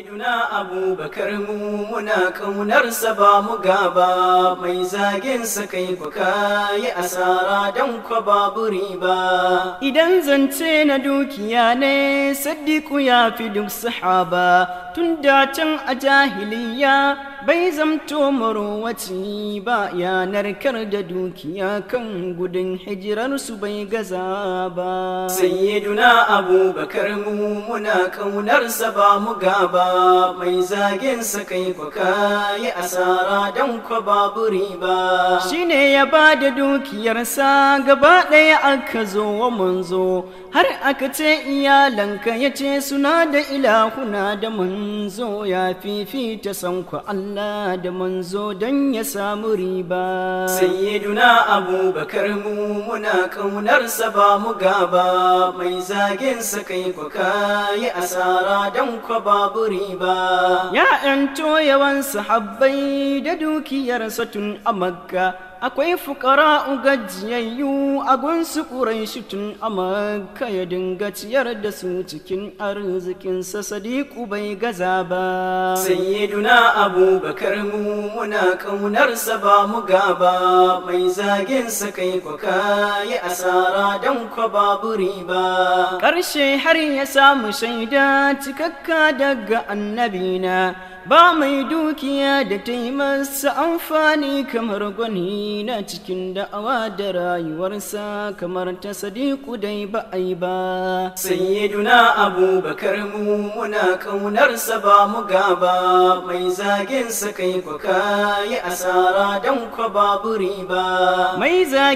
Sayyiduna Abubakar mu muna kaunarsa ba mu gaba mai zagin sa kai kuka yi asara don kwa baburi ba. Idan zance na dukiya ne Saddiku ya fi duk sahaba tun da can a jahiliya bai zamto marowaci ba yanar kar da dukiya kan gudun hijirarsu bai gaza ba sayyiduna abubakar mu muna kaunarsa ba mu gaba mai zagin sa kai kuka yi asara don kwa babu riba ne ya ba da dukiyarsa gaba ɗaya aka zo wa manzo har aka ce iyalanka ya ce suna da ilahuna da manzo ya fifita sanku Allah Allah da manzo don ya samu riba. Sayyiduna abubakar mu muna ƙaunarsa ba mu gaba, mai zaginsa kai ku kayi asara don ku babu riba. Ya'yan toyawan sahabbai da dukiyarsa tun a Makka. akwai fukara gajiyayyu a gunsu ƙuraishi tun amurka ya dinga ciyar da su cikin arzikinsa sadiku bai gaza ba sayyiduna abubakar mu muna ƙaunarsa ba mu gaba mai zaginsa kai kwaka yi asara don kwa babu ba. ƙarshe har ya samu shaida cikakka daga annabina ba mai dukiya da ta yi masa amfani kamar gwani na cikin da'awa da rayuwarsa kamar ta sadiku dai ba a yi ba sayyiduna abubakar mu muna kaunarsa ba mu gaba mai zaginsa kai kuka yi asara don kwa baburi ba. mai sa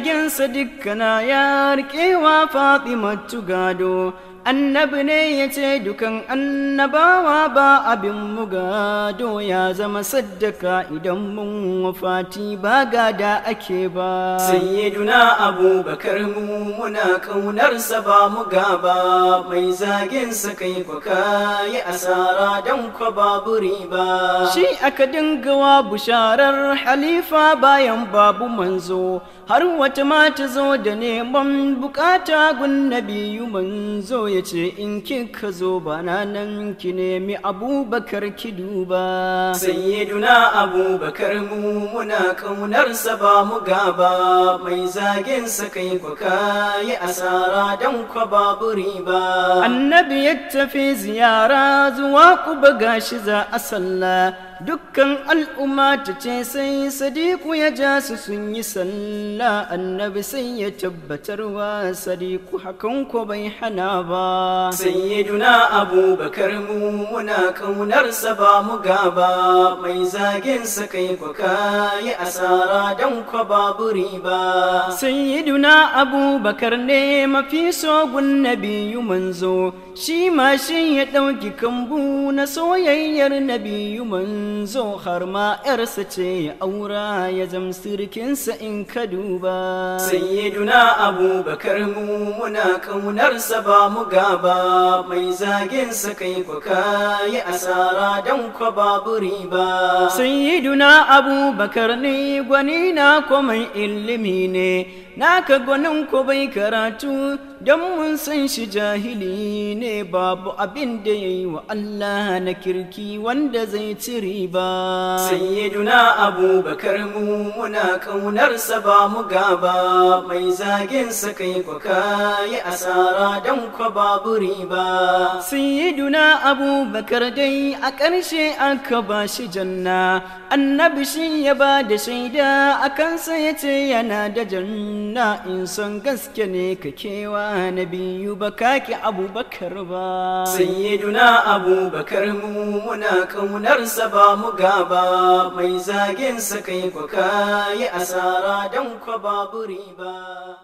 dukkana ya rikewa fatimatu gado annabi ne ya ce dukan annabawa ba abin mugado ya zama saddaka idan mun wafati ba gada ake ba abu abubakar mu muna kaunarsa ba mu gaba mai zagin sa kai kwaka yi asara dan kwa babu riba shi aka dingawa busharar halifa bayan babu manzo har wata ma ta zo da neman bukata gun nabiyu manzo ya ce in ka zo bana nan ki nemi abubakar ki duba sayyiduna abubakar mu muna sa ba mu gaba mai zagin sa kai ku yi asara dan kwababuri babu riba annabi ya tafi ziyara zuwa ku buga shi za a sallah dukkan al'umma ta ce sai sadiku ya ja su sun yi salla annabi sai ya wa sadiku hakan ko bai hana ba sayyiduna abubakar mu muna kaunarsa ba mu gaba mai zagin sa kai ku yi asara don kwa babu riba sayyiduna abubakar ne mafi sogun nabiyu manzo shi ma shi ya ɗauki kambu na soyayyar nabiyu manzo zo har ma yarsa ce ya aura ya zam sirkinsa in ka duba sayyiduna abubakar mu muna kaunarsa ba mu gaba mai zaginsa kai kuka yi asara don kwa babu riba sayyiduna abubakar ne gwani na ko mai ilimi ne naka gwanin ko bai karatu don mun san shi jahili ne babu abin da ya yi wa Allah na kirki wanda zai ci riba. Sayyiduna abubakar mu muna sa ba mu gaba mai zagin sa kai kwaka yi asara don kwa babu riba. Sayyiduna abubakar dai a ƙarshe aka ba shi janna annabi shi ya ba da shaida a kansa ya ce yana da janna. na in son gaske ne ka kewa na biyu ba kaki abubakar ba sayyiduna abubakar mu muna kaunarsa ba mu gaba mai zagin sa kai kwa kayi asara don kwa babu riba